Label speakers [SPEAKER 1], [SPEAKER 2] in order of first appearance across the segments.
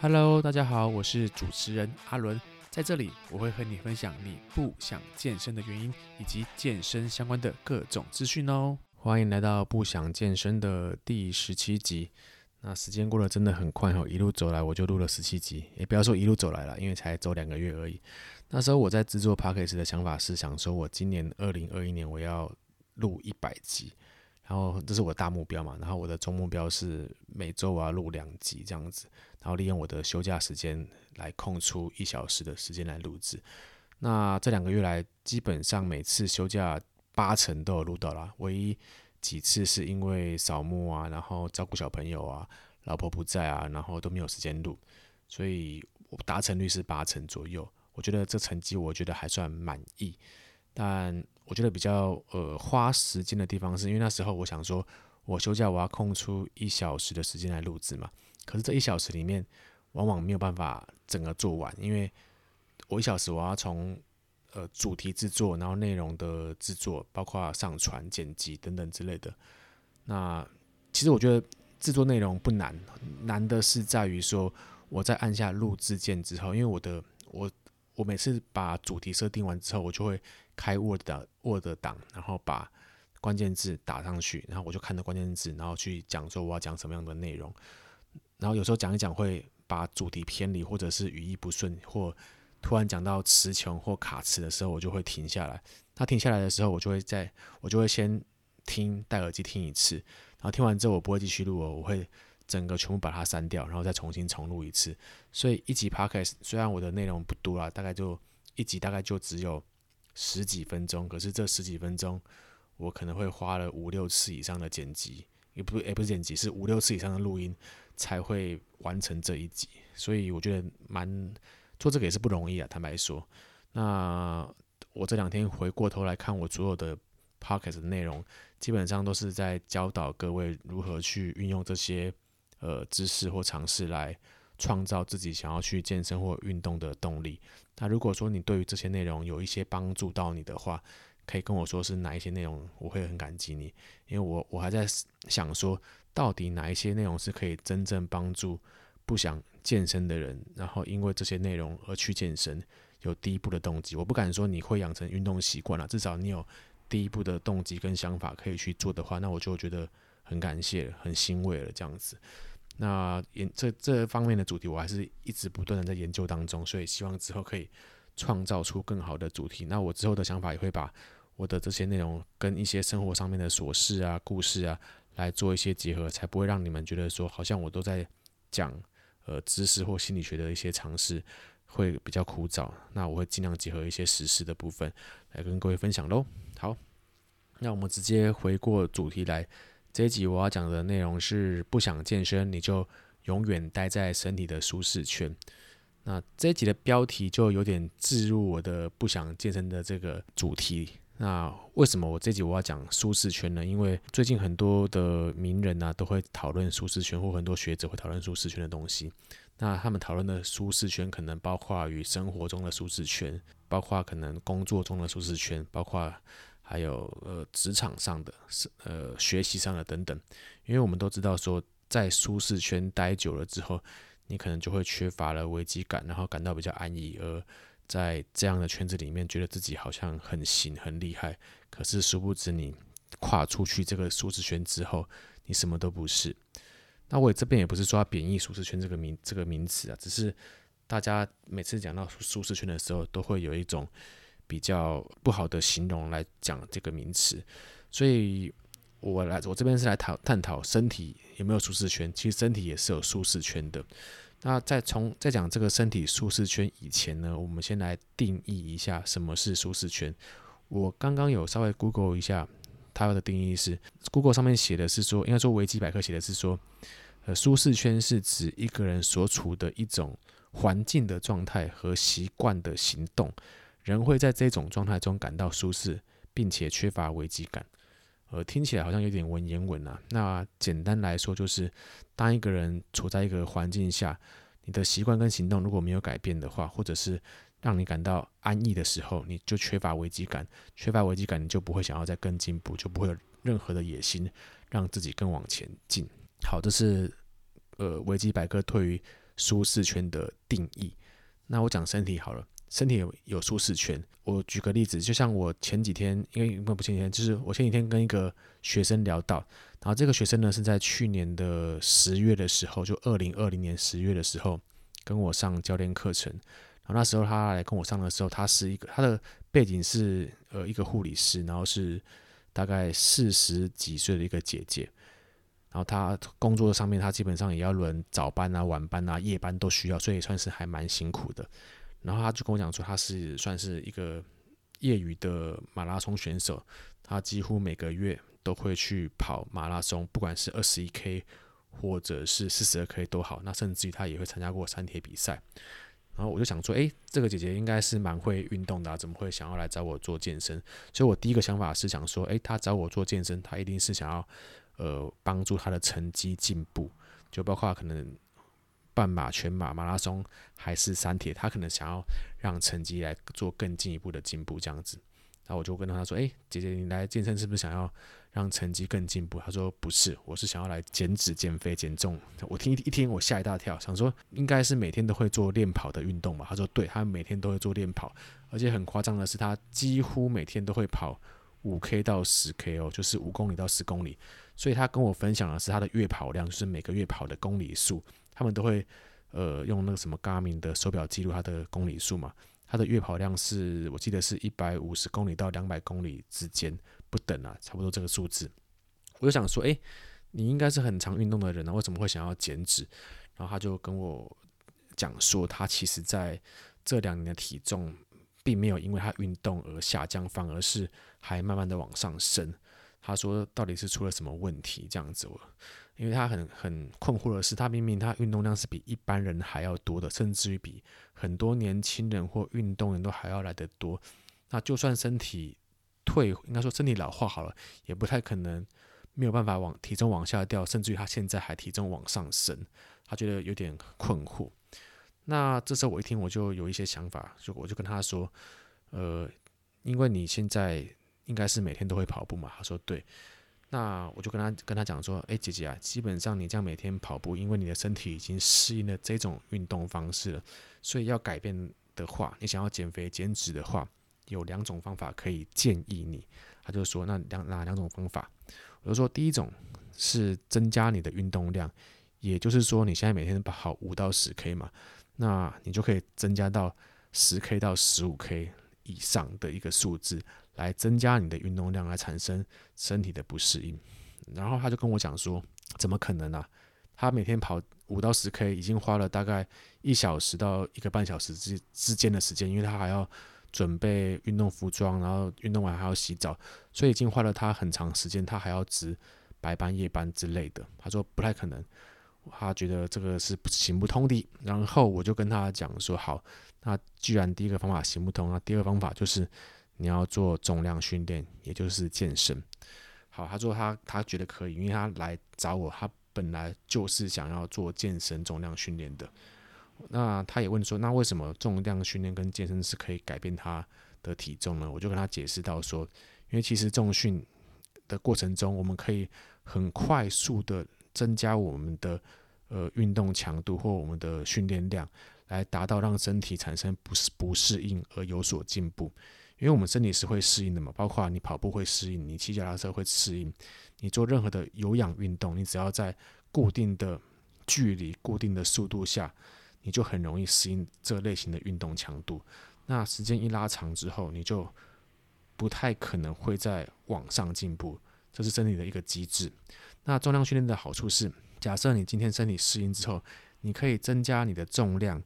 [SPEAKER 1] Hello，大家好，我是主持人阿倫，在這裡我會和你分享你不想健身的原因，以及健身相關的各種資訊哦。歡迎來到不想健身的第十七集。那時間過得真的很快哈，一路走來我就錄了十七集，也、欸、不要說一路走來了，因為才走兩個月而已。那時候我在制作 podcast 的想法是想說，我今年二零二一年我要錄一百集。然後這是我的大目標嘛，然後我的中目標是每周我要錄兩集這樣子，然後利用我的休假時間來空出一小時的時間來錄製。那這兩個月來，基本上每次休假八成都有錄到啦。唯一幾次是因為掃墓啊，然後照顧小朋友啊，老婆不在啊，然後都沒有時間錄，所以我達成率是八成左右。我覺得這成績我覺得還算滿意，但。我覺得比較呃花時間的地方是，是因為那時候我想說，我休假我要空出一小時的時間來錄製嘛。可是這一小時裡面，往往沒有辦法整個做完，因為我一小時我要從呃主題製作，然後內容的製作，包括上傳、剪輯等等之類的。那其實我覺得製作內容不難，難的是在於說我在按下錄製鍵之後，因為我的我，我每次把主題設定完之後，我就會開 Word 的 Word 檔，然後把關鍵字打上去，然後我就看着關鍵字，然後去講說我要講什麼樣的內容。然後有時候講一講會把主題偏離，或者是語義不順，或突然講到詞窮或卡詞的時候，我就會停下來。那停下來的時候，我就會在我就會先聽戴耳機聽一次，然後聽完之後我不會繼續錄了，我會。整個全部把它刪掉，然後再重新重錄一次。所以一集 Podcast 雖然我的內容不多啦，大概就一集，大概就只有十幾分鐘，可是這十幾分鐘我可能會花了五六次以上的剪輯，也不也不是剪輯，是五六次以上的錄音才會完成這一集。所以我覺得蠻做這個也是不容易啊，坦白說。那我這兩天回過頭來看我所有的 Podcast 的內容，基本上都是在教導各位如何去運用這些。呃，知識或嘗試來創造自己想要去健身或運動的動力。那如果說你對於這些內容有一些幫助到你的話，可以跟我說是哪一些內容，我會很感激你。因為我我還在想說，到底哪一些內容是可以真正幫助不想健身的人，然後因為這些內容而去健身，有第一步的動機。我不敢說你會養成運動習慣了，至少你有第一步的動機跟想法可以去做的話，那我就覺得。很感謝，很欣慰了，這樣子。那這這方面的主題，我還是一直不斷的在研究當中，所以希望之後可以創造出更好的主題。那我之後的想法也會把我的這些內容跟一些生活上面的瑣事啊、故事啊來做一些結合，才不會讓你們覺得說好像我都在講呃知識或心理學的一些嘗試會比較枯燥。那我會盡量結合一些時事的部分來跟各位分享嘍。好，那我們直接回過主題來。這一集我要講的內容是不想健身，你就永遠待在身體的舒適圈。那這一集的標題就有點置入我的不想健身的這個主題。那為什麼我這一集我要講舒適圈呢？因為最近很多的名人啊都會討論舒適圈，或很多學者會討論舒適圈的東西。那他們討論的舒適圈可能包括與生活中的舒適圈，包括可能工作中的舒適圈，包括。還有呃，職場上的，是呃，學習上的等等。因為我們都知道說，在舒適圈待久了之後，你可能就會缺乏了危機感，然後感到比較安逸，而在這樣的圈子裡面，覺得自己好像很行、很厲害。可是殊不知，你跨出去這個舒適圈之後，你什麼都不是。那我也這邊也不是說貶義“舒適圈”這個名這個名詞啊，只是大家每次講到舒適圈的時候，都會有一種。比較不好的形容來講這個名詞，所以我來我這邊是來討探討身體有沒有舒適圈，其實身體也是有舒適圈的。那再從再講這個身體舒適圈以前呢，我們先來定義一下什麼是舒適圈。我剛剛有稍微 Google 一下，它的定義是 Google 上面寫的是說，應該說維基百科寫的是說，呃，舒適圈是指一個人所處的一種環境的狀態和習慣的行動。人會在這種狀態中感到舒適，並且缺乏危機感。呃，聽起來好像有點文言文啊。那啊簡單來說，就是當一個人處在一個環境下，你的習慣跟行動如果沒有改變的話，或者是讓你感到安逸的時候，你就缺乏危機感。缺乏危機感，你就不會想要再更進步，就不會有任何的野心，讓自己更往前進。好，這是呃維基百科對於舒適圈的定義。那我講身體好了。身體有有舒適圈。我舉個例子，就像我前幾天，因為不前幾天，就是我前幾天跟一個學生聊到，然後這個學生呢是在去年的十月的時候，就二零二零年十月的時候跟我上教練課程，然後那時候他來跟我上的時候，他是一個他的背景是呃一個護理師，然後是大概四十幾歲的一個姐姐，然後他工作上面他基本上也要輪早班啊、晚班啊、夜班都需要，所以算是還蠻辛苦的。然後他就跟我講說，他是算是一個業餘的馬拉松選手，他幾乎每個月都會去跑馬拉松，不管是二十一 K 或者是四十二 K 都好，那甚至於他也會參加過三鐵比賽。然後我就想說，誒，這個姐姐應該是蠻會運動的啊，怎麼會想要來找我做健身？所以我第一個想法是想說，誒，他找我做健身，他一定是想要呃幫助他的成績進步，就包括可能。半馬、全馬、馬拉松還是三鐵，他可能想要讓成績來做更進一步的進步，這樣子。然後我就跟他說：“誒、欸，姐姐，你來健身是不是想要讓成績更進步？”他說：“不是，我是想要來減脂、減肥、減重。”我聽一聽，一我嚇一大跳，想說應該是每天都會做練跑的運動吧？他說：“對，他每天都會做練跑，而且很誇張的是，他幾乎每天都會跑五 K 到十 K 哦，就是五公里到十公里。所以他跟我分享的是他的月跑量，就是每個月跑的公里數。”他們都會，呃，用那個什麼 Garmin 的手表記錄他的公里數嘛。他的月跑量是我記得是一百五十公里到兩百公里之間不等啊，差不多這個數字。我就想說，哎，你應該是很常運動的人啊，為什麼會想要減脂？然後他就跟我講說，他其實在這兩年的體重並沒有因為他運動而下降，反而是還慢慢的往上升。他說：“到底是出了什麼問題？這樣子，因為他很很困惑的是，他明明他運動量是比一般人還要多的，甚至於比很多年輕人或運動員都還要來得多。那就算身體退，應該說身體老化好了，也不太可能沒有辦法往體重往下掉，甚至於他現在還體重往上升，他覺得有點困惑。那這時候我一聽，我就有一些想法，就我就跟他說，呃，因為你現在。”應該是每天都會跑步嘛？他說對。那我就跟他跟他講說，哎，姐姐啊，基本上你這樣每天跑步，因為你的身體已經適應了這種運動方式了，所以要改變的話，你想要減肥減脂的話，有兩種方法可以建議你。他就說，那兩哪兩種方法？我就說，第一種是增加你的運動量，也就是說你現在每天跑五到十 K 嘛，那你就可以增加到十 K 到十五 K 以上的一個數字來增加你的運動量，來產生身體的不適應。然後他就跟我講說：“怎麼可能呢、啊？他每天跑五到十 K，已經花了大概一小時到一個半小時之之間的時間，因為他還要準備運動服裝，然後運動完還要洗澡，所以已經花了他很長時間。他還要值白班夜班之類的。他說不太可能，他覺得這個是行不通的。然後我就跟他講說：好。”那既然第一個方法行不通，那第二個方法就是你要做重量訓練，也就是健身。好，他說他他覺得可以，因為他來找我，他本來就是想要做健身重量訓練的。那他也問說，那為什麼重量訓練跟健身是可以改變他的體重呢？我就跟他解釋到說，因為其實重訓的過程中，我們可以很快速的增加我們的呃運動強度或我們的訓練量。來達到讓身體產生不適不適應而有所進步，因為我們身體是會適應的嘛，包括你跑步會適應，你騎腳踏車會適應，你做任何的有氧運動，你只要在固定的距離、固定的速度下，你就很容易適應這類型的運動強度。那時間一拉長之後，你就不太可能會再往上進步，這是身體的一個機制。那重量訓練的好處是，假設你今天身體適應之後，你可以增加你的重量，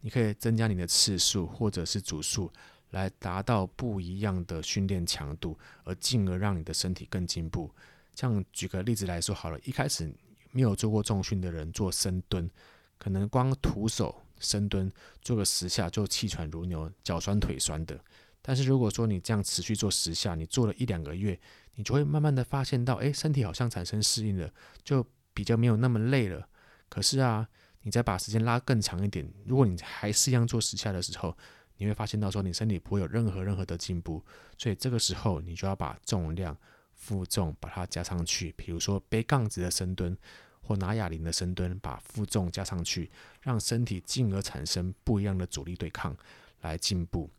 [SPEAKER 1] 你可以增加你的次數或者是組數，來達到不一樣的訓練強度，而進而讓你的身體更進步。像舉個例子來說好了，一開始沒有做過重訓的人做深蹲，可能光徒手深蹲做個十下就氣喘如牛，腳酸腿酸的。但是如果說你這樣持續做十下，你做了一兩個月，你就會慢慢的發現到，哎、欸，身體好像產生適應了，就比較沒有那麼累了。可是啊。你再把時間拉更長一點，如果你還是一樣做十下的時候，你會發現到說你身體不會有任何任何的進步，所以這個時候你就要把重量、負重把它加上去，比如說背槓子的深蹲或拿啞鈴的深蹲，把負重加上去，讓身體進而產生不一樣的阻力對抗來進步。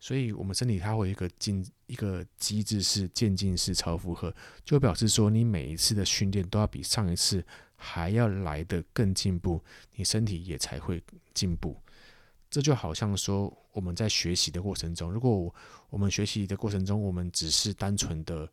[SPEAKER 1] 所以，我們身體它會有一個進一個機制是漸進式超負荷，就表示說，你每一次的訓練都要比上一次還要來得更進步，你身體也才會進步。這就好像說，我們在學習的過程中，如果我們學習的過程中，我們只是單純的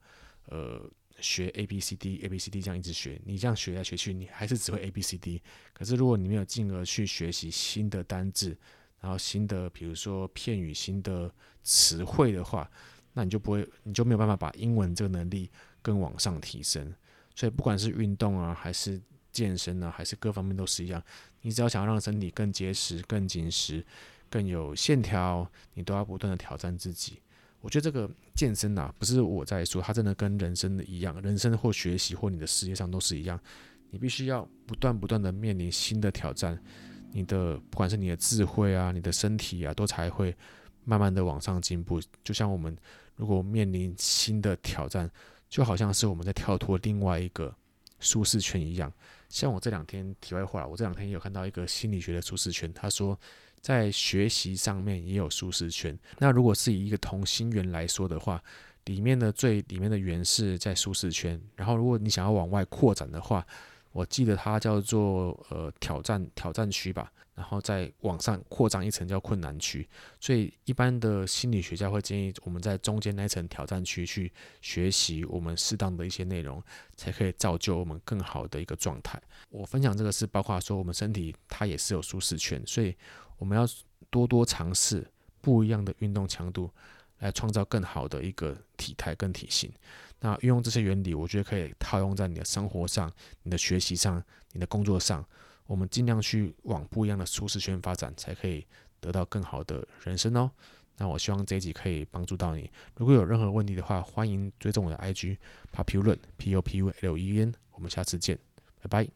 [SPEAKER 1] 呃學 A B C D A B C D 這樣一直學，你這樣學來學去，你還是只會 A B C D。可是如果你沒有進而去學習新的單字，然後新的，比如說片語、新的詞彙的話，那你就不會，你就沒有辦法把英文這個能力更往上提升。所以不管是運動啊，還是健身啊，還是各方面都是一樣。你只要想要讓身體更結實、更緊實、更有線條，你都要不斷的挑戰自己。我覺得這個健身吶、啊，不是我在說，它真的跟人生一樣，人生或學習或你的事業上都是一樣，你必須要不斷不斷的面臨新的挑戰。你的不管是你的智慧啊，你的身體啊，都才會慢慢的往上進步。就像我們如果面臨新的挑戰，就好像是我們在跳脫另外一個舒適圈一樣。像我這兩天題外話，我這兩天也有看到一個心理學的舒適圈，他說在學習上面也有舒適圈。那如果是以一個同心圓來說的話，裡面的最裡面的圓是在舒適圈，然後如果你想要往外擴展的話，我記得它叫做呃挑戰挑戰區吧，然後再往上擴張一層叫困難區，所以一般的心理學家會建議我們在中間那層挑戰區去學習我們適當的一些內容，才可以造就我們更好的一個狀態。我分享這個是包括說我們身體它也是有舒適圈，所以我們要多多嘗試不一樣的運動強度。來創造更好的一個體態跟體型。那運用這些原理，我覺得可以套用在你的生活上、你的學習上、你的工作上。我們盡量去往不一樣的舒適圈發展，才可以得到更好的人生哦。那我希望這一集可以幫助到你。如果有任何問題的話，歡迎追蹤我的 IG，Populuen，P U P U L E N。我們下次見，拜拜。